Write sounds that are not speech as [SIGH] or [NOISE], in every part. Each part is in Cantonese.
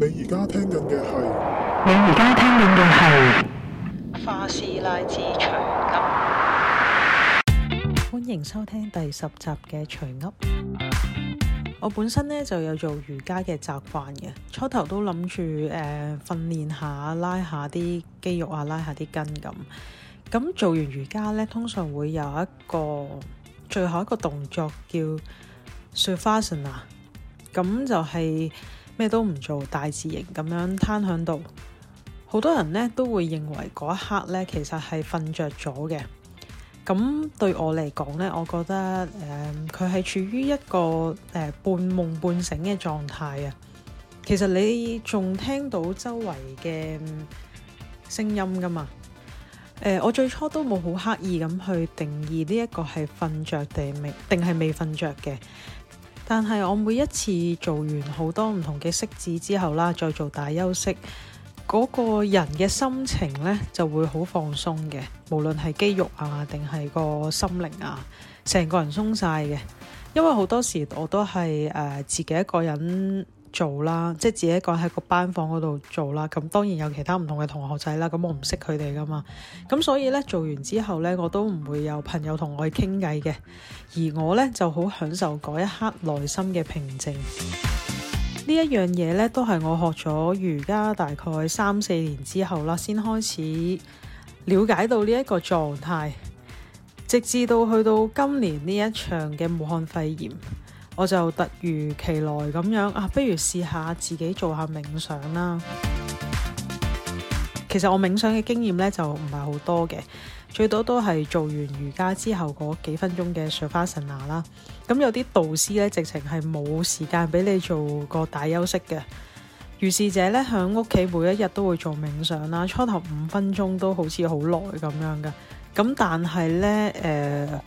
你而家聽緊嘅係，你而家聽緊嘅係花師拉志長噏，歡迎收聽第十集嘅長噏。徐啊、我本身咧就有做瑜伽嘅習慣嘅，初頭都諗住誒訓練下拉下啲肌肉啊，拉下啲筋咁。咁做完瑜伽咧，通常會有一個最後一個動作叫雪花神啊，咁就係、是。咩都唔做，大字型咁樣攤喺度，好多人呢都會認為嗰一刻呢其實係瞓着咗嘅。咁對我嚟講呢，我覺得誒，佢、呃、係處於一個誒、呃、半夢半醒嘅狀態啊。其實你仲聽到周圍嘅聲音噶嘛，呃？我最初都冇好刻意咁去定義呢一個係瞓着定未定係未瞓着嘅。但係我每一次做完好多唔同嘅色子之後啦，再做大休息，嗰、那個人嘅心情呢就會好放鬆嘅，無論係肌肉啊定係個心靈啊，成個人鬆晒嘅。因為好多時我都係誒、呃、自己一個人。做啦，即係自己一個喺個班房嗰度做啦。咁當然有其他唔同嘅同學仔啦。咁我唔識佢哋噶嘛。咁所以咧做完之後咧，我都唔會有朋友同我去傾偈嘅。而我咧就好享受嗰一刻內心嘅平靜。 [MUSIC] 呢一樣嘢咧，都係我學咗瑜伽大概三四年之後啦，先開始了解到呢一個狀態。直至到去到今年呢一場嘅武漢肺炎。我就突如其來咁樣啊，不如試下自己做下冥想啦。其實我冥想嘅經驗咧就唔係好多嘅，最多都係做完瑜伽之後嗰幾分鐘嘅 shavasana 啦。咁有啲導師咧直情係冇時間俾你做個大休息嘅。如是者咧響屋企每一日都會做冥想啦，初頭五分鐘都好似好耐咁樣噶。咁但係咧誒。呃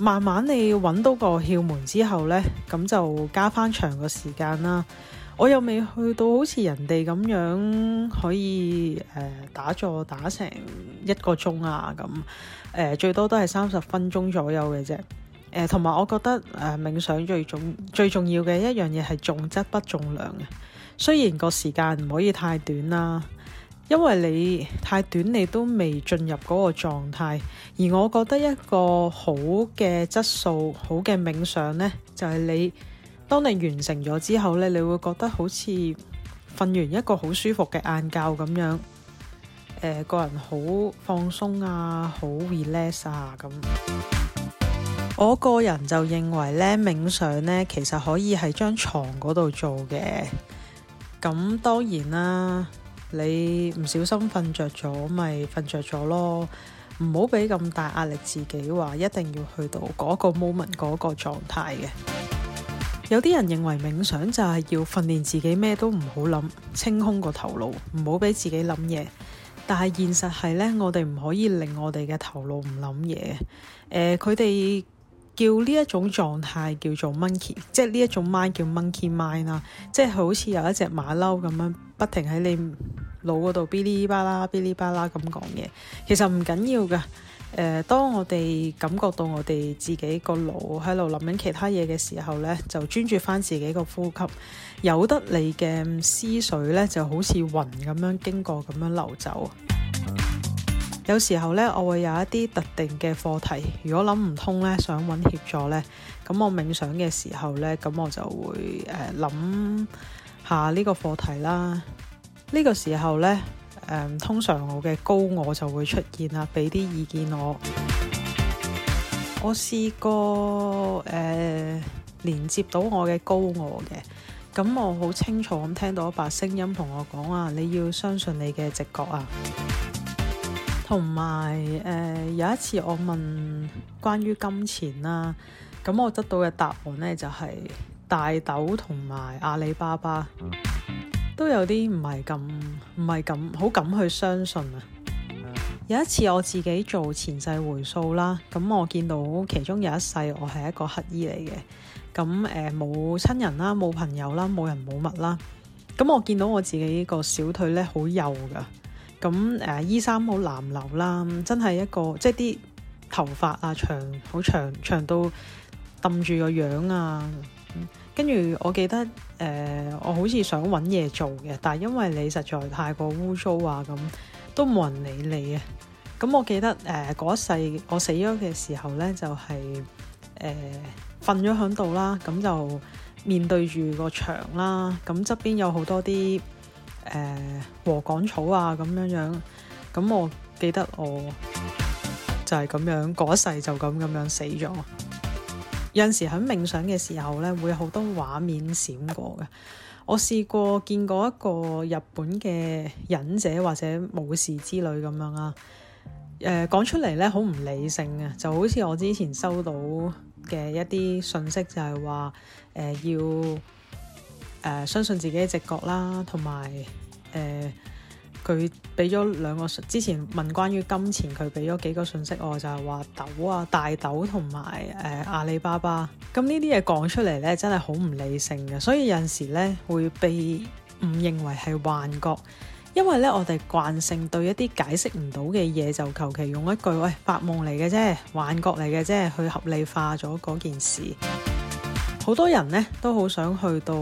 慢慢你揾到個竅門之後呢，咁就加翻長個時間啦。我又未去到好似人哋咁樣可以誒、呃、打坐打成一個鐘啊咁誒、呃，最多都係三十分鐘左右嘅啫。誒同埋我覺得誒、呃、冥想最重最重要嘅一樣嘢係重質不重量嘅，雖然個時間唔可以太短啦。因為你太短，你都未進入嗰個狀態。而我覺得一個好嘅質素、好嘅冥想呢，就係、是、你當你完成咗之後呢，你會覺得好似瞓完一個好舒服嘅晏覺咁樣。誒、呃，個人好放鬆啊，好 relax 啊咁。我個人就認為呢，冥想呢其實可以喺張床嗰度做嘅。咁當然啦。你唔小心瞓着咗，咪瞓着咗咯。唔好俾咁大壓力自己，話一定要去到嗰個 moment 嗰個狀態嘅。 [MUSIC] 有啲人認為冥想就係要訓練自己咩都唔好諗，清空個頭腦，唔好俾自己諗嘢。但係現實係呢，我哋唔可以令我哋嘅頭腦唔諗嘢。呃，佢哋叫呢一種狀態叫做 monkey，即係呢一種 mind 叫 monkey mind 啦。即係好似有一隻馬騮咁樣，不停喺你腦嗰度嗶哩吧啦、嗶哩吧啦咁講嘢，其實唔緊要㗎。誒、呃，當我哋感覺到我哋自己個腦喺度諗緊其他嘢嘅時候呢，就專注翻自己個呼吸。由得你嘅思緒呢就好似雲咁樣經過咁樣流走。 [MUSIC] 有時候呢，我會有一啲特定嘅課題，如果諗唔通呢，想揾協助呢。咁我冥想嘅時候呢，咁我就會誒、呃、諗下呢個課題啦。呢個時候呢，誒，通常我嘅高我就會出現啦，俾啲意見我。我試過誒、呃、連接到我嘅高我嘅，咁我好清楚咁聽到一把聲音同我講啊，你要相信你嘅直覺啊。同埋誒，有一次我問關於金錢啦，咁我得到嘅答案呢，就係、是、大豆同埋阿里巴巴。都有啲唔係咁，唔係咁好敢去相信啊！嗯、有一次我自己做前世回溯啦，咁我見到其中有一世我係一個乞兒嚟嘅，咁誒冇親人啦，冇朋友啦，冇人冇物啦，咁我見到我自己個小腿咧好幼噶，咁誒、呃、衣衫好襤褸啦，真係一個即係啲頭髮啊長好長，長到揼住個樣啊！嗯、跟住我記得誒、呃，我好似想搵嘢做嘅，但係因為你實在太過污糟啊，咁都冇人理你啊。咁我記得誒嗰、呃、一世我死咗嘅時候呢，就係誒瞓咗喺度啦。咁、呃、就面對住個牆啦、啊。咁側邊有好多啲誒禾稈草啊，咁樣樣。咁我記得我就係咁樣嗰一世就咁咁樣，樣死咗。有陣時喺冥想嘅時候咧，會好多畫面閃過嘅。我試過見過一個日本嘅忍者或者武士之類咁樣啦。誒、呃、講出嚟咧，好唔理性啊。就好似我之前收到嘅一啲信息就，就係話誒要誒、呃、相信自己嘅直覺啦，同埋誒。呃佢俾咗兩個，之前問關於金錢，佢俾咗幾個信息我，我就係、係、話豆啊、大豆同埋誒阿里巴巴。咁呢啲嘢講出嚟呢，真係好唔理性嘅，所以有陣時呢，會被誤認為係幻覺。因為呢，我哋慣性對一啲解釋唔到嘅嘢，就求其用一句喂發夢嚟嘅啫、幻覺嚟嘅啫，去合理化咗嗰件事。好多人呢，都好想去到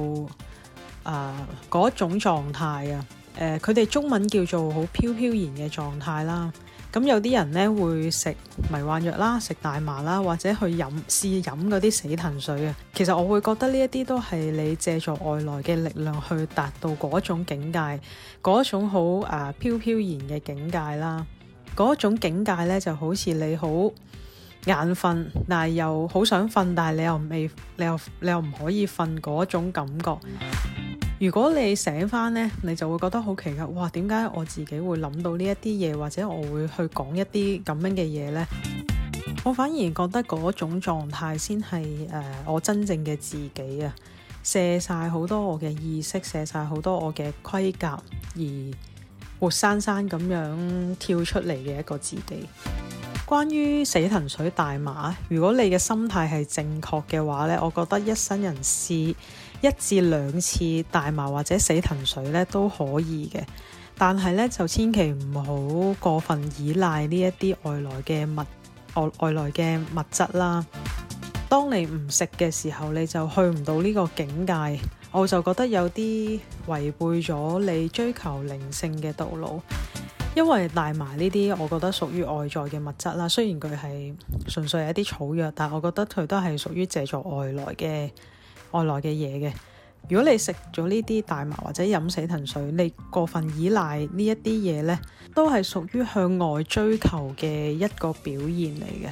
啊嗰、呃、種狀態啊！誒，佢哋、呃、中文叫做好飄飄然嘅狀態啦。咁有啲人呢，會食迷幻藥啦，食大麻啦，或者去飲試飲嗰啲死藤水啊。其實我會覺得呢一啲都係你借助外來嘅力量去達到嗰種境界，嗰種好啊飄飄然嘅境界啦。嗰種境界呢，就好似你好眼瞓，但係又好想瞓，但係你又未，你又你又唔可以瞓嗰種感覺。如果你醒翻呢，你就會覺得好奇怪，哇！點解我自己會諗到呢一啲嘢，或者我會去講一啲咁樣嘅嘢呢？我反而覺得嗰種狀態先係誒我真正嘅自己啊，卸晒好多我嘅意識，卸晒好多我嘅盔甲，而活生生咁樣跳出嚟嘅一個自己。關於死藤水、大麻，如果你嘅心態係正確嘅話呢，我覺得一生人試，一至兩次大麻或者死藤水咧都可以嘅，但係咧就千祈唔好過分依賴呢一啲外來嘅物外外來嘅物質啦。當你唔食嘅時候，你就去唔到呢個境界，我就覺得有啲違背咗你追求靈性嘅道路。因為大麻呢啲，我覺得屬於外在嘅物質啦。雖然佢係純粹係一啲草藥，但係我覺得佢都係屬於借助外來嘅。外來嘅嘢嘅，如果你食咗呢啲大麻或者飲死藤水，你過分依賴呢一啲嘢呢，都係屬於向外追求嘅一個表現嚟嘅。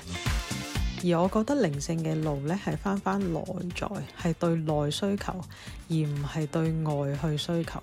而我覺得靈性嘅路呢，係翻翻內在，係對內需求，而唔係對外去需求。